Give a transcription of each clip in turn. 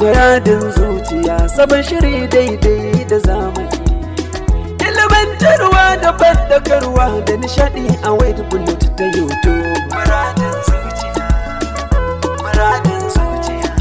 Muradin zuciya sabon shiri daidai da zamani. Ilimantarwa da bandakarwa da nishadi a wayar bullet ta YouTube. zuciya, zuciya.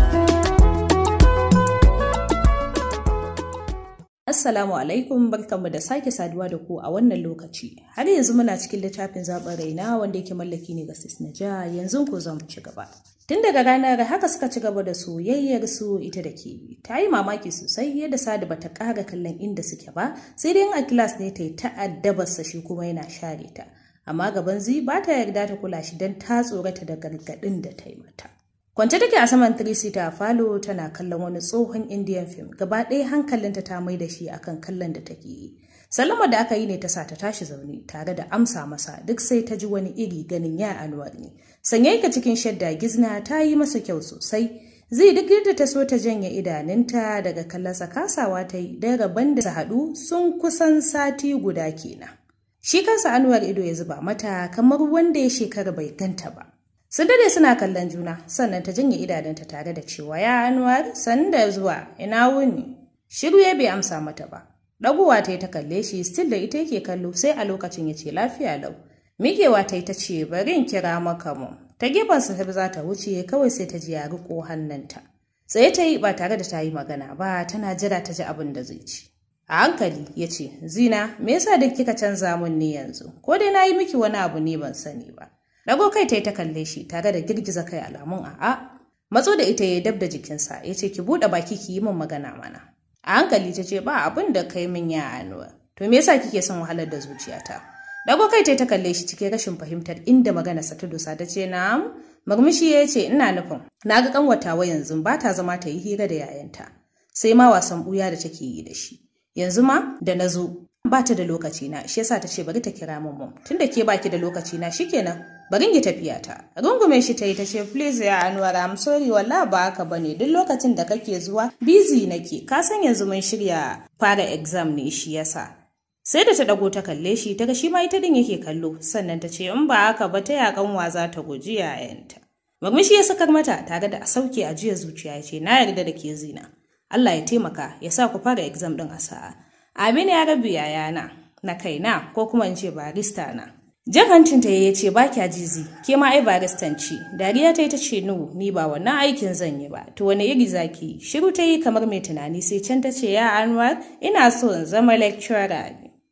Assalamu alaikum barkanmu da sake saduwa da ku a wannan lokaci. Har yanzu muna cikin littafin zaɓin raina wanda yake mallaki ne ga sisna ja yanzu ko za ci gaba. Tun daga ranar haka suka ci gaba da soyayyar su ita da ke ta yi mamaki sosai yadda sada bata ƙara kallon inda suke ba sai dai a kilas ne ta yi ta'addabarsa shi kuma yana share ta amma gaban zi ba ta yarda ta kula shi don ta tsorata da gargaɗin da ta yi mata. Kwance take a saman 3 a falo tana kallon wani tsohon Indian film gaba ɗaya hankalinta ta mai da shi akan kallon da take yi. Sallama da aka yi ne ta sa ta tashi zaune tare da amsa masa duk sai ta ji wani iri ganin ya anuwar ne. Sanye yake cikin shadda gizna ta yi masa kyau sosai. Zai duk yadda ta so ta janye idanunta daga kallasa kasawa ta yi don rabon da su haɗu sun kusan sati guda kenan. Shi kansa anuwar ido ya zuba mata kamar wanda ya shekara bai ganta ba. Sun dade suna kallon juna sannan ta janye idanunta tare da cewa ya anuwar sanda zuwa ina wuni. Shiru ya bai amsa mata ba. ɗaguwa ta yi ta kalle shi, still da ita yake kallo sai a lokacin ya ce lafiya lau. Miƙewa ta yi ta ce bari in kira maka mu. Ta gefen sahib za ta wuce kawai sai ta ji ya riƙo hannunta. Tsaye ta yi ba tare da ta yi magana ba tana jira ta ji abin da zai ci. A hankali ya ce, Zina, me yasa duk kika canza mun ne yanzu? Ko dai na yi miki wani abu ne ban sani ba. Rago kai ta yi ta kalle shi tare da girgiza kai alamun a'a. Matso da ita ya dab da jikinsa ya ce ki buɗe baki ki yi min magana mana. A hankali ta ce ba abin da kai min ya anuwa. To me yasa kike son wahalar da zuciyata? Dago kai ta kalle shi cikin rashin fahimtar inda sa ta dosa ta ce na'am. Murmushi ya ce ina nufin na ga wa yanzu ba ta zama ta yi hira da yayanta. Sai ma wasan buya da take yi da shi. Yanzu ma da na zo ba ta da lokaci na shi yasa ta ce bari ta kira mun mun tunda ke baki da lokaci na shikenan barin ki tafiya rungume shi ta yi ta ce please ya anwara am sorry walla ba haka bane duk lokacin da kake zuwa busy nake ka san yanzu mun shirya fara exam ne shi yasa sai da ta dago ta kalle shi ta ga shi ma ita din yake kallo sannan ta ce in ba haka ba ta ya kanwa za ta guji yayanta murmushi ya sakar mata tare da a sauke a jiya zuciya ya ce na yarda da ke zina Allah ya taimaka ya sa ku fara exam din a sa'a Aminu ya rabu yayana na kaina ko kuma in ce barista na jan ta ya ce ba kya jizi ke ma ai baristan ce dariya ta yi ta ce no ni ba wannan aikin zan yi ba to wani iri zaki shiru ta yi kamar mai tunani sai can ta ce ya anwar ina so in zama lecturer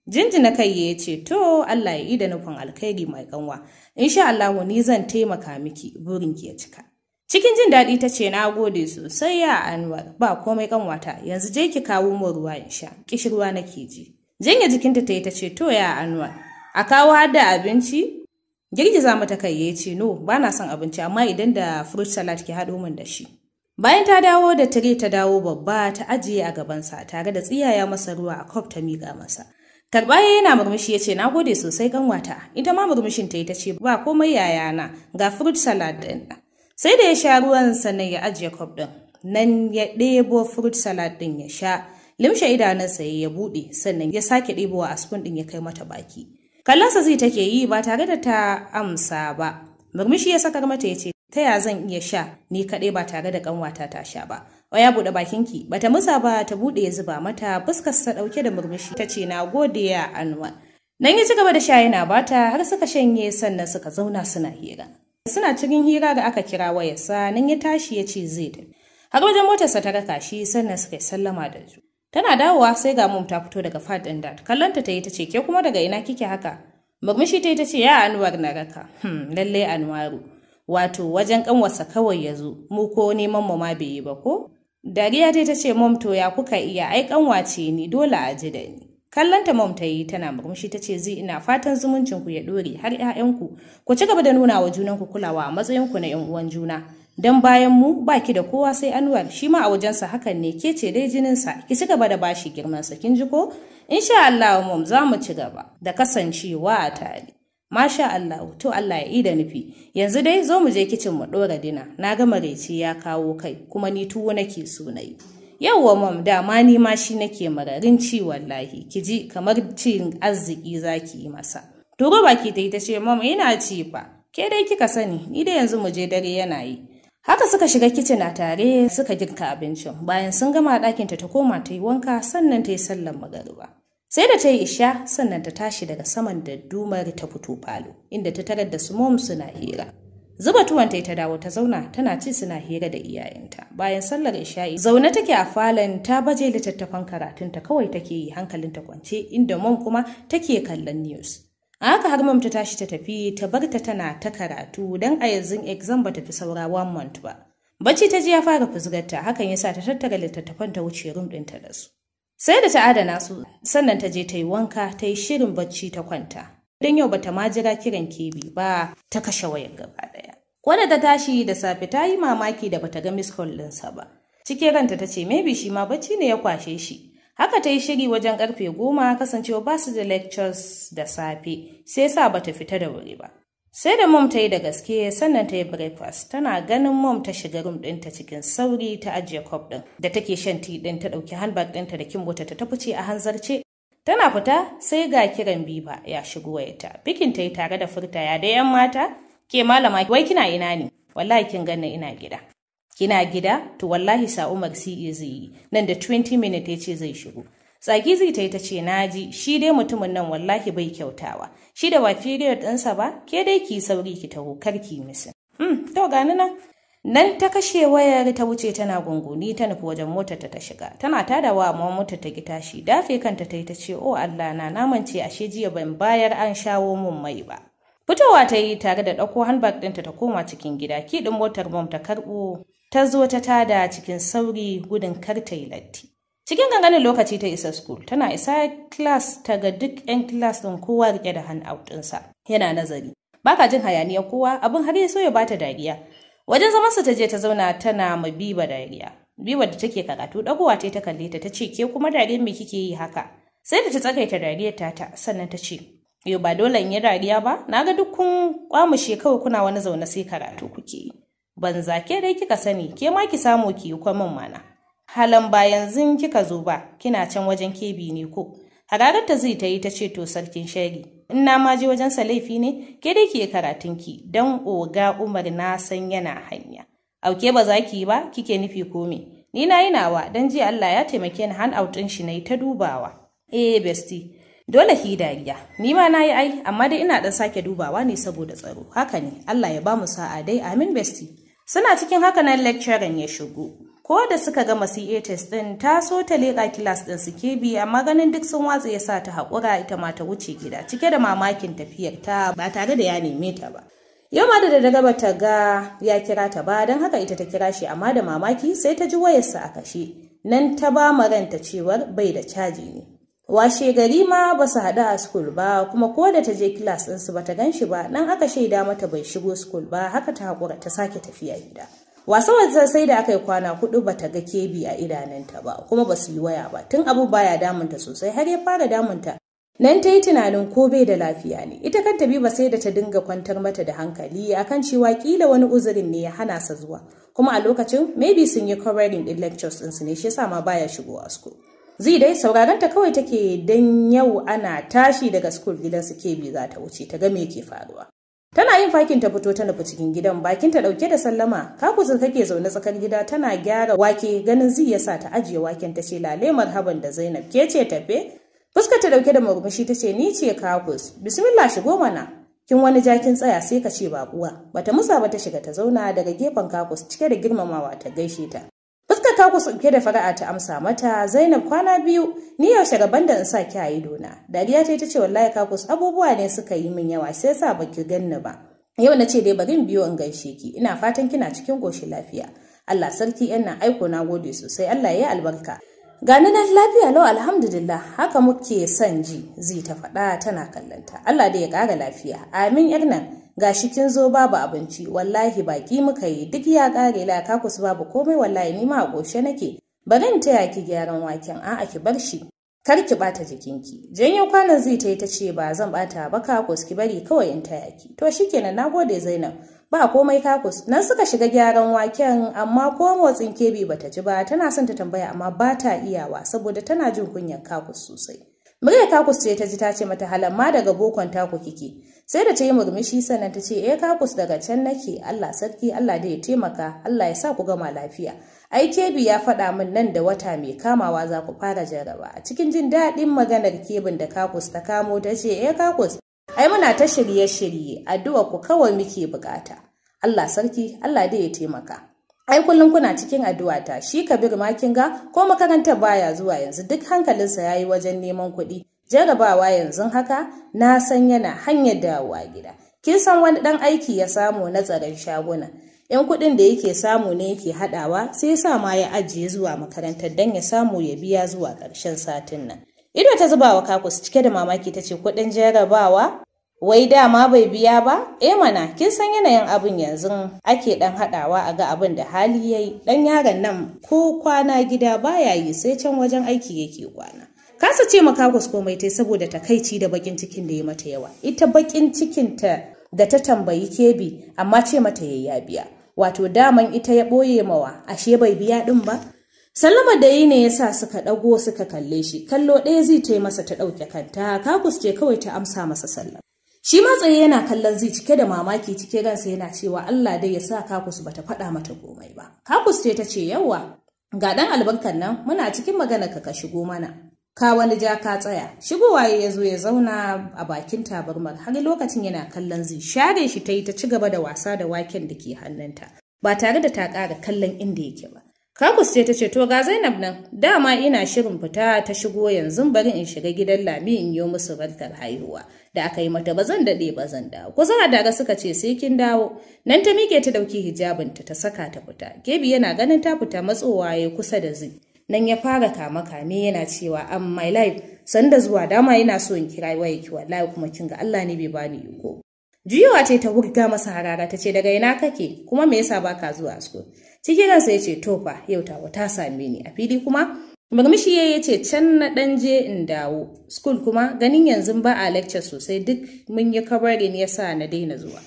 ne na kai ya ce to allah ya yi da nufin alkhairi mai kanwa insha allahu ni zan taimaka miki burin ki ya cika cikin jin daɗi ta ce na gode sosai ya anwar ba komai kanwata yanzu je ki kawo min ruwa in sha kishirwa nake ji janye jikinta ta yi ta ce to ya anwar a kawo har da abinci girgiza mata kai ya no ba na son abinci amma idan da fruit salad ke haɗo min da shi bayan ta dawo da tire ta dawo babba ta ajiye a gabansa tare da tsiyaya masa ruwa a kwaf ta miƙa masa karɓa yana murmushi ya ce na gode sosai kanwata ita ma murmushin ta yi ta ce ba komai yayana ga fruit salad ɗin sai da ya sha ruwan sannan ya ajiye kwaf ɗin nan ya ɗebo fruit salad ɗin ya sha limshe idanunsa ya buɗe sannan ya sake ɗebowa a spoon ɗin ya kai mata baki Kallonsa zai take yi ba tare da ta amsa ba. Murmushi ya saka mata ya ce, ta ya zan iya sha ni kaɗai ba tare da ƙanwata ta sha ba. Oya buɗe bakinki, bata musa ba ta buɗe ya zuba mata sa ɗauke da murmushi ta ce na gode ya Anwar. Nan ya ci gaba da sha yana bata har suka shanye sannan suka zauna suna hira. Suna cikin hira da aka kira wayarsa nan ya tashi ya ce zai tafi. Har wajen motarsa ta raka shi sannan suka yi sallama da su. Tana dawowa sai ga mum ta fito daga fat ɗin dad. Kallonta ta yi ta ce, ke kuma daga ina kike haka? Murmushi ta yi ta ce, ya Anwar na raka. Hmm, lalle Anwaru. Wato wajen kanwarsa kawai ya zo, mu ko neman mu ma bai yi ba ko? Dariya ta ta ce, mom to ya kuka iya, ai ce ni dole a ji da ni. Kallonta mom ta yi tana murmushi ta ce, zai ina fatan zumuncin ku ya dore har 'ya'yanku. Ku ci gaba da nuna wa junanku kulawa a matsayinku na 'yan uwan juna. don bayan mu baki da kowa sai anwar shi ma a wajensa hakan ne ke ce dai jininsa ki ci gaba da bashi girmansa kin ji ko insha Allah mu za mu ci gaba da kasancewa a tare masha Allah to Allah ya ida nufi yanzu dai zo mu je kicin mu dora dina na ga mareci ya kawo kai kuma ni tuwo nake so nayi yawwa mam dama ni ma shi nake mararin ci wallahi ki ji kamar cin arziki zaki yi masa turo baki ta ita ce mam ina ci fa ke dai kika sani ni da yanzu mu je dare yana yi Haka suka shiga kicin a tare suka girka abincin bayan sun gama ɗakin ta koma ta yi wanka sannan ta yi sallan magariba. Sai da ta yi isha sannan ta tashi daga saman da dumar ta fito falo inda ta tarar da su mom suna hira. Zuba tuwon ta ta dawo ta zauna tana ci suna hira da iyayenta. Bayan sallar isha'i zaune take a falon ta baje littattafan karatunta kawai take yi hankalinta kwance inda mom kuma take kallon news. Aka har mam ta tashi ta tafi ta bar ta tana ta karatu don a yanzu exam ba ta fi saura one month ba bacci ta ji ya fara fusgarta hakan ya sa ta tattara littattafan ta wuce rum ta da su sai da ta adana su sannan ta je ta yi wanka ta yi shirin bacci ta kwanta don yau bata ma jira kiran kebi ba ta kashe wayan gaba ɗaya Wadda ta tashi da safe ta yi mamaki da bata ga miss ba cike ranta ta ce maybe shi ma bacci ne ya kwashe shi Haka ta yi shiri wajen karfe goma kasancewa ba su da lectures da safe, sai sa ba ta fita da wuri ba. Sai da mom ta yi da gaske sannan ta yi breakfast, tana ganin mom ta shiga rum ɗinta cikin sauri ta ajiye kwaf ɗin da take shan tiɗin ɗin ta ɗauki handbag ɗinta da kimbota ta tafi a hanzarce. Tana fita sai ga kiran biba ya shigo wayarta. Bikin ta yi tare da furta ya da yan mata, ke malama wai kina ina ne? Wallahi kin ganna ina gida. kina gida to wallahi sa'u umar yi nan da 20 minute ya ce zai shigo tsaki zai ta yi ta ce naji shi dai mutumin nan wallahi bai kyautawa shi da ba period ɗinsa ba ke dai ki sauri ki taho kar ki misi mm, to gani nan nan ta kashe wayar ta wuce tana gunguni ta nufi wajen motar ta ta shiga tana wa amma mota ta gita shi, dafe kanta ta yi ta ce o oh Allah na namance ashe jiya ban bayar an shawo mun mai ba fitowa ta yi tare da ɗauko handbag ɗinta ta koma cikin gida kiɗin motar mom ta karɓo ta zo ta tada cikin sauri gudun kar ta yi latti. Cikin ganganin lokaci ta isa school, tana isa class ta ga duk 'yan class ɗin kowa rike da handout sa yana nazari. Baka jin hayaniyar kowa, abin har ya so ya bata dariya. Wajen zaman su ta je ta zauna tana ma biba dariya. Biba da take karatu ɗaguwa ta ta kalle ta ta ce ke kuma dariyar me kike yi haka? Sai da ta tsakaita dariya ta ta sannan ta ce Yau ba dole in yi dariya ba, na ga duk kun kwamushe kawai kuna wani zaune sai karatu kuke yi. ban zake dai kika sani ke ma ki samu ki yi kwamin mana halan ba yanzu kika zo ba kina can wajen kebi ne ko hararta zai ta yi ta ce to sarkin shari in na ma je wajen sa laifi ne ke dai ki karatun ki dan oga umar na san yana hanya auke ba za ki yi ba kike nufi ko me ni na yi nawa don ji Allah ya taimake ni hand out ɗin shi yi ta dubawa eh besti dole ki dariya ni ma na yi ai amma dai ina ɗan sake dubawa ne saboda tsaro haka ne Allah ya ba mu sa'a dai amin besti Suna cikin hakanan nan lecturing ya shigo. Ko da suka gama CA test ɗin ta so ta leƙa kilas ɗin su ke bi amma ganin duk sun watsa ya sa ta haƙura ita ma ta wuce gida cike da mamakin tafiyar ta ba tare da ya neme ta ba. Yau ma da daddare ba ta ga ya kira ta ba don haka ita ta kira shi amma da mamaki sai ta ji wayarsa a kashe. Nan ta ba ma ranta cewar bai da caji ne. washe gari ma ba su haɗu a skul ba kuma ko da ta je kilas ɗinsu ba ta ganshi ba nan aka shaida mata bai shigo skul ba haka ta haƙura ta sake tafiya gida Wasu wasa sai da aka yi kwana hudu ba ta ga kebi a idanunta ba kuma ba su yi waya ba tun abu baya damunta sosai har ya fara damunta nan ta yi tunanin ko bai da lafiya ne ita kan kanta ba sai da ta dinga kwantar mata da hankali akan cewa kila wani uzurin ne ya hana sa zuwa kuma a lokacin maybe sun yi covering din lectures ɗinsu ne shi yasa ma baya shigo a school zai dai ta kawai take don yau ana tashi daga skul gidan su kebi za ta wuce ta ga me ke faruwa tana yin fakin ta fito ta nufi cikin gidan bakin ta dauke da sallama kakuzin take zaune tsakar gida tana gyara wake ganin zai ya sa ta ajiye waken ta ce lale marhaban da zainab ke ce tafe Fuskar ta dauke da murmushi ta ce ni ce kakus bismillah shigo mana kin wani jakin tsaya sai ka ce babuwa bata musa ba ta shiga ta zauna daga gefen kakus cike da girmamawa ta gaishe ta ku kusurke da fara'a ta amsa mata zainab kwana biyu ni yaushe gaban da in sa ki a idona dariya ta ita ce wallahi kakus abubuwa ne suka yi min yawa sai sa baki ganni ba yau na ce dai bari in biyo in gaishe ki ina fatan kina cikin goshin lafiya Allah sarki yan aiko na gode sosai Allah ya yi albarka gani nan lafiya lau alhamdulillah haka muke son ji zai ta faɗa tana kallanta Allah da ya kara lafiya amin yar nan gashi kin zo babu abinci wallahi baki muka yi duk ya kare laka kusa babu komai wallahi ni ma a goshe nake bari in taya ki gyaran waken a'a ki bar shi kar ki bata jikinki janyo kwanan zai ta yi ta ce ba zan bata ba kakus ki bari kawai in taya ki to shikenan nagode zainab ba komai kakus nan suka shiga gyaran waken amma ko motsin kebi bata ji ba tana son ta tambaya amma bata iyawa saboda tana jin kunyar kakus sosai Mure kakus ce ta ji ta ce mata halamma daga bokon taku kike sai da ta yi murmushi sannan ta ce eh kakus daga can nake Allah sarki Allah da ya taimaka Allah ya sa ku gama lafiya ai kebi ya faɗa min nan da wata mai kamawa za ku fara jaraba a cikin jin daɗin maganar kebin da kakus ta kamo ta ce eh kakus ai muna ta shirye-shirye addu'a ku kawai muke bukata Allah sarki Allah da ya taimaka ai kullum kuna cikin addu'a ta shi kabir ma kin ko makarantar baya zuwa yanzu duk hankalinsa ya yi wajen neman kuɗi Jarabawa yanzu haka na san yana hanyar dawowa gida. Kin san wani ɗan aiki ya samu na tsaron shaguna. ‘Yan kuɗin da yake samu ne yake haɗawa sai ya sa ma ya ajiye zuwa makarantar dan ya samu ya biya zuwa ƙarshen satin nan. Ido ta zubawa kakus cike da mamaki ta ce kuɗin jarabawa wai dama bai biya ba E mana kin san yanayin abin yanzu ake dan hadawa a ga abin da hali yayi dan yaron nan ko kwana gida baya yi sai can wajen aiki yake kwana kasa ce kakus komai tai saboda ta takaici da bakin cikin da ya mata yawa ita bakin cikin ta da ta tambayi kebi amma ce mata ya biya wato daman ita ya boye mawa ashe bai biya ɗin ba sallama da yi ne ya sa suka ɗago suka kalle shi kallo ɗaya zai ta masa ta ɗauke kanta kakus ce kawai ta amsa masa sallama shi ma tsaye yana kallon zai cike da mamaki cike ransa yana cewa Allah dai ya sa kakus bata faɗa mata komai ba kakus ce ta ce yawa ga ɗan albarkan nan muna cikin magana ka ka shigo mana Ka wani ja ka tsaya, shigowa ya zo ya zauna a bakin tabarmar har lokacin yana kallon zai share shi ta yi ta ci gaba da wasa da waken da ke hannunta, ba tare da ta kara kallon inda yake ba. Kakus ce ta ce, To ga Zainab nan, dama ina shirin fita ta shigo yanzu bari in shiga gidan Lami in yi musu barkar haihuwa. Da aka yi mata ba zan daɗe ba zan dawo. Kusa a daga suka ce sai kin dawo. Nan ta miƙe ta ɗauki hijabinta ta saka ta fita. Gebi yana ganin ta fita matsowa ya kusa da zai. nan ya fara kama me yana cewa am my life sanda zuwa dama yana so in kira waye ki wallahi kuma kin ga Allah ne bai bani iko juyawa ce ta wurga masa harara ta ce daga ina kake kuma me yasa baka zuwa school cikin ransa ya ce to fa yau ta ta same ni a fili kuma murmushi ya ce can na ɗan je in dawo school kuma ganin yanzu ba a lecture sosai duk mun yi kabarin ya sa na daina zuwa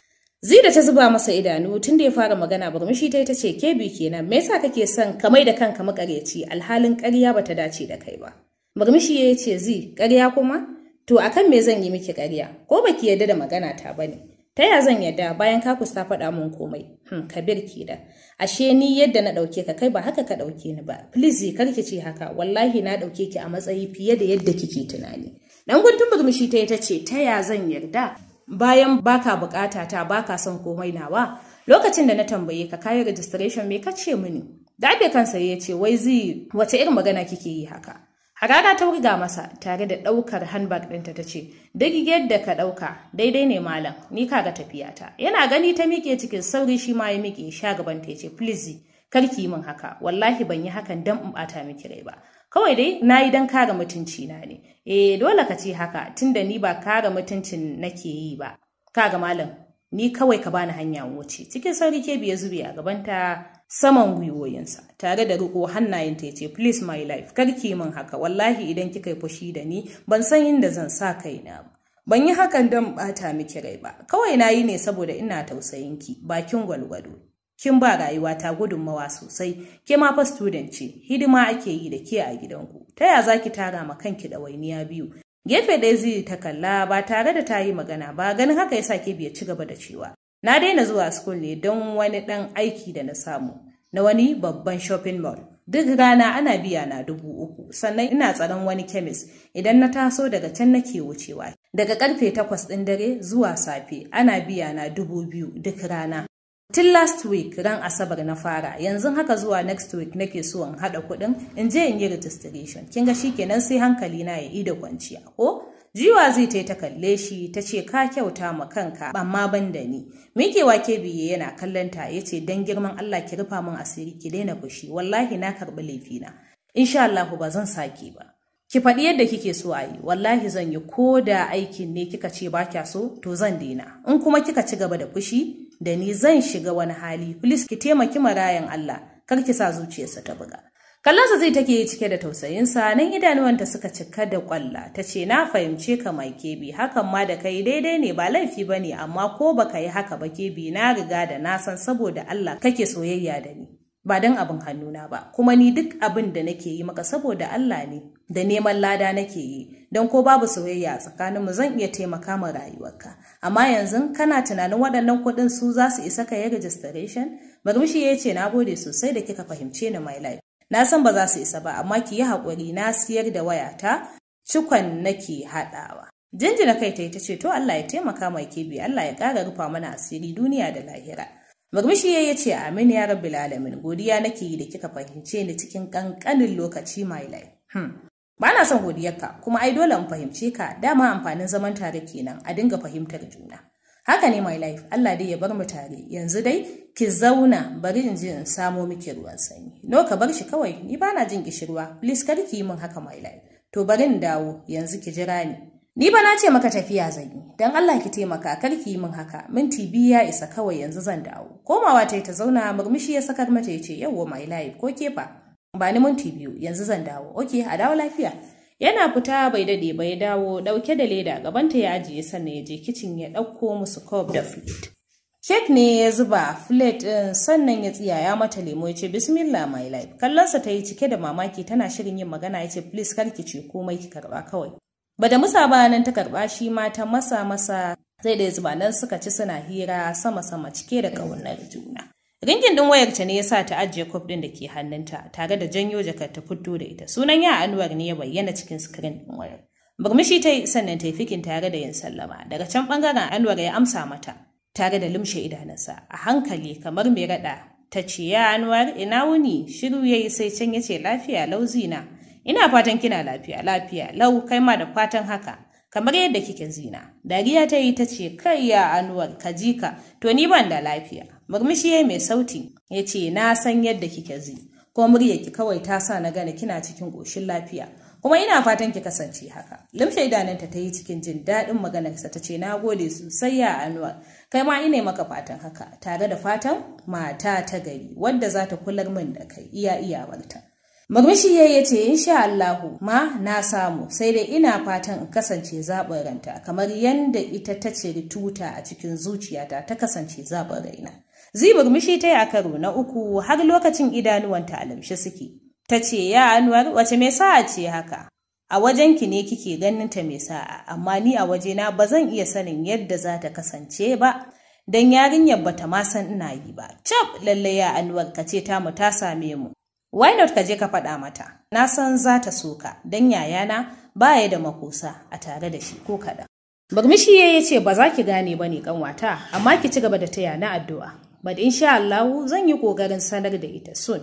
da ta zuba masa idanu tun da ya fara magana burmushi ta ta ce kebi kenan me yasa kake son ka mai da kanka makaryaci alhalin ƙarya bata dace da kai ba. Murmushi ya ce zi ƙarya kuma to akan me zan yi miki ƙarya ko baki yarda da magana ta bane. Ta ya zan yarda bayan ka kusa faɗa mun komai? Hmm, kabir da. Ashe ni yadda na ɗauke ka kai ba haka ka ɗauke ni ba. Please kar ki ce haka. Wallahi na ɗauke ki a matsayi fiye da yadda kike tunani. Dan guntun burmushi ta ta ce ta ya zan yarda bayan baka bukata ta baka son komai nawa lokacin da na tambaye ka kayi registration me kace mini dafe kansa ya ce wai zai wace irin magana kike yi haka harara ta wurga masa tare da ɗaukar handbag ɗinta ta ce duk da ka ɗauka daidai ne malam ni kaga ta yana gani ta mike cikin sauri shi ma ya mike sha ta ya ce please karki min haka wallahi ban yi hakan dan in bata miki rai ba kawai dai na yi don kare mutunci na ne eh dole ka ce haka tunda ni ba kare mutuncin nake yi ba kaga malam ni kawai ka bani hanya wuce cikin sauri ke biya zube a gaban ta saman gwiwoyinsa tare da riko hannayenta ya ce please my life karki min haka wallahi idan kika yi fushi da ni ban san inda zan sa kaina ba ban yi hakan don bata miki rai ba kawai na yi ne saboda ina tausayin ki. bakin gwalgwado Kin ba rayuwa ta gudunmawa sosai, ke ma fa student ce, hidima ake yi da ke a gidanku. Ta ya zaki tara ma kanki ɗawainiya biyu? Gefe ɗaya zai ta kalla ba tare da ta yi magana ba, ganin haka yasa ke biya ci gaba da cewa. Na daina zuwa school ne don wani ɗan aiki da na samu, na wani babban shopping mall. Duk rana ana biya na dubu uku, sannan ina tsaron wani kemis idan na taso daga can nake wucewa. Daga karfe takwas ɗin dare zuwa safe ana biya na dubu biyu duk rana. Tun last week ran Asabar na fara, yanzu haka zuwa next week nake so in haɗa kuɗin in je in yi registration. Kin ga shikenan sai hankali na ya yi da kwanciya ko? Jiwa zai ta ta kalle shi ta ce ka kyauta ma kanka amma ban da ni. Mikewa ke biye yana kallon ta ya ce dan girman Allah ki rufa min asiri ki daina fushi wallahi na karbi laifi na Insha Allah ba zan sake ba. Ki faɗi yadda kike so a yi, wallahi zan yi ko da aikin ne kika ce ba kya so, to zan daina. In kuma kika ci gaba da fushi, da ni zan shiga wani hali please ki taimaki marayan Allah kar ki sa zuciyarsa ta buga kallansa zai take yi cike da tausayinsa nan idanuwanta suka cika da kwalla ta ce na fahimce ka mai kebi hakan ma da kai daidai ne ba laifi ba ne amma ko baka yi haka ba kebi na riga da na san saboda Allah kake soyayya da ni ba don abin hannuna ba kuma ni duk abin da nake yi maka saboda Allah ne da neman lada nake yi don ko babu soyayya tsakanin mu zan iya taimaka ma rayuwarka amma yanzu kana tunanin waɗannan kuɗin su za su isa ka yi registration murmushi ya ce na gode sosai da kika fahimce ni my life na san ba za su isa ba amma ki yi haƙuri na siyar da wayata cikon nake haɗawa jinjina kai ta ita ce to Allah ya taimaka mai kibi Allah ya ƙara rufa mana asiri duniya da lahira Murmushi ya ce amin ya rabu lalamin, godiya nake yi da kika fahimce ni cikin kankanin lokaci my life. Hmm. Ba na son godiyarka kuma ai dole in fahimce ka dama amfanin zaman tare kenan a dinga fahimtar juna. Haka ne my life Allah dai ya bar mu tare yanzu dai ki zauna bari in ji in samo miki ruwan sanyi. No ka bar shi kawai ni ba na jin kishirwa please kar ki yi min haka my life. To bari in dawo yanzu ki jira ni. Ni ba na ce maka tafiya zan yi, don Allah ki taimaka kar ki yi min haka, minti biyu ya isa kawai yanzu zan dawo. Komawa ta yi ta zauna murmushi ya sakar mata ya ce wa mai layi ko kefa. Ba ni minti biyu yanzu zan dawo, oke a dawo lafiya. Yana fita bai dade bai dawo ɗauke da leda gabanta ya ajiye sannan ya je kicin ya ɗauko musu kof da plate. Kek ne ya zuba flat ɗin sannan ya tsiya ya mata lemo ya ce bismillah my life. Kallonsa ta yi cike da mamaki tana shirin yin magana ya ce please kar ki ce komai ki karba kawai. ba da musa ba nan ta karba shi mata masa masa zai da zuba nan suka ci suna hira sama sama cike da ƙaunar juna ringin ɗin wayarta ne ya sa ta ajiye kwaf ɗin da ke hannunta tare da janyo jakar ta fito da ita sunan ya anwar ne ya bayyana cikin sikirin ɗin wayar Burmishi ta yi sannan ta yi fikin tare da yin sallama. Daga can bangaren Anwar ya amsa mata tare da lumshe idanunsa a hankali kamar mai raɗa ta ce ya Anwar ina wuni shiru ya yi sai can ya ce lafiya lauzina. Ina fatan kina lafiya, lafiya, lau kai ma da fatan haka. Kamar yadda kike zina, dariya ta yi ta ce, kai ya anuwar ka ji ka, to ni ban da lafiya. Murmushi ya mai sauti, ya ce, na san yadda kike zi, ko muryarki kawai ta sa na gane kina cikin ƙoshin lafiya. Kuma ina fatan ki kasance haka. lumshe idananta ta yi cikin jin daɗin maganarsa ta ce, na gode sosai ya anuwar, kai ma ina maka fatan haka, tare da fatan mata ta gari, wadda za ta kular min da kai, iya iyawarta. Murmushi ya ya ce insha Allahu ma na samu sai dai ina fatan in kasance ranta kamar yadda ita ta ce tuta a cikin zuciyata ta kasance zaɓaraina. Ziburmishi ta yi a karo na uku har lokacin idanuwanta alamshi suke. Ta ce ya Anwar wace mai sa'a ce haka? A wajen ki ne kike ganin ta mai sa'a amma ni a waje na ba zan iya sanin yadda za ta kasance ba. don yarinyar bata ma san ina yi ba. Cap lallai ya Anwar ka ce tamu ta same mu. Why not ka je ka faɗa mata? Na san za ta soka don yayana ba ya da makusa a tare da shi ko kaɗan. Bagmishi ya ce ba za ki gane ba ne kanwata, amma ki ci gaba da taya na addu'a. But sha Allah zan yi ƙoƙarin sanar da ita sun.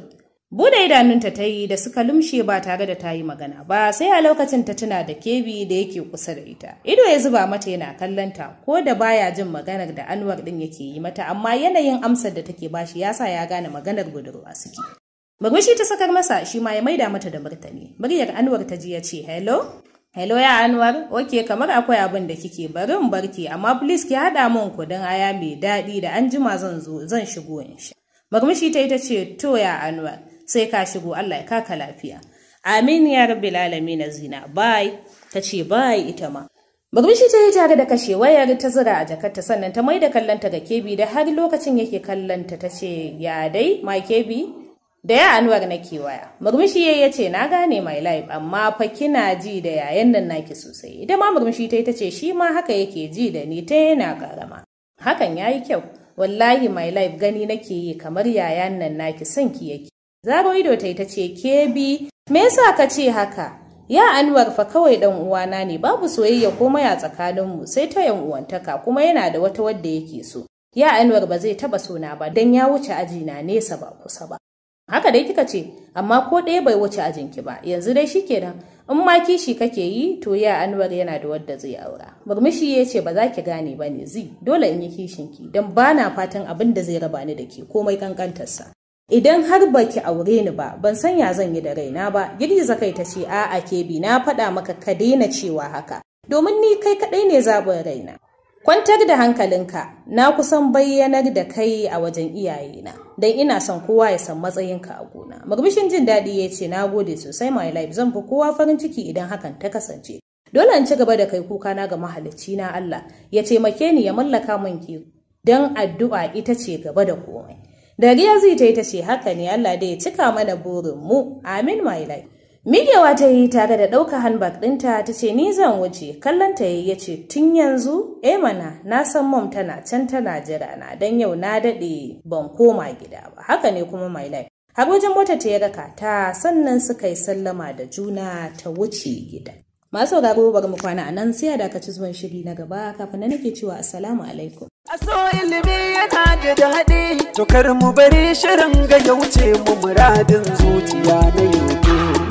Bude idanunta ta yi da suka lumshe ba tare da ta yi magana ba sai a lokacin ta tuna da kebi da yake kusa da ita. Ido ya zuba mata yana kallonta ko da baya jin maganar da Anwar ɗin yake yi mata amma yanayin amsar da take bashi ya sa ya gane maganar budurwa suke. Murmushi ta sakar masa shi ma ya maida mata da martani. Muryar Anwar ta ji ya ce, "Hello?" Hello ya Anwar, ok kamar akwai abin da kike barin barki amma please ki haɗa min kudin aya mai daɗi da an jima zan zo zan shigo in sha. Murmushi ta ita ce to ya Anwar sai ka shigo Allah ya kaka lafiya. Amin ya rabbil alamin zina bye ta ce bye ita ma. Murmushi ta yi tare da kashe wayar ta zira a jakarta sannan ta mai da kallonta ga kebi da har lokacin yake kallonta ta ce ya dai ma kebi da ya anuwa na kewaya murmushi ya ya ce na gane mai life amma fa kina ji da yayan nan naki sosai ita ma murmushi ta ita ce shi ma haka yake ji da ni ta yana karama hakan ya yi kyau wallahi mai life gani nake yi kamar yayan nan naki son ki yake zaro ido ta ita ce ke bi me yasa ka ce haka ya anwar fa kawai dan uwana ne babu soyayya komai a tsakaninmu sai ta yan uwantaka kuma yana da wata wadda yake so ya anwar ba zai taba sona ba dan ya wuce aji na nesa ba kusa ba haka dai kika ce amma ko ɗaya bai wuce ajinki ba yanzu dai shi nan. in ma kishi kake yi to ya anwar yana da wadda zai aura murmushi ya ce ba za ki gane ba ne zi dole in yi kishin ki. don ba na fatan abin da zai raba ni da ke komai kankantarsa idan har ba ki aure ni ba ban san ya zan yi da raina ba girgiza kai ta ce a'a kebi na faɗa maka ka daina cewa haka domin ni kai kaɗai ne zaɓin raina Kwantar da hankalinka, na kusan bayyanar da kai a wajen iyayena, don ina son kowa ya san matsayinka a gona. Murmushin jin daɗi ya ce, na gode sosai my life, zan fi kowa farin ciki idan hakan ta kasance. Dole in ci gaba da kai kuka na ga mahalicci na Allah, ya taimake ni ya mallaka min ki, don addu'a ita ce gaba da komai. Dariya zai ta yi ce, haka ne Allah da ya cika mana burin mu, amin my life. Migewa ta yi tare da ɗauka handbag ɗinta ta ce ni zan wuce kallonta yi ya ce tun yanzu e mana na san mom tana can tana jira na don yau na daɗe ban koma gida ba haka ne kuma my life. Har wajen mota ta ya raka ta sannan suka yi sallama da juna ta wuce gida. Masu sauraro bari mu kwana a nan sai a dakaci zuwan shiri na gaba kafin na nake cewa assalamu alaikum. Aso ilimi yana da daɗi, to kar mu bari shirin ga ya wuce mu muradin zuciya ne.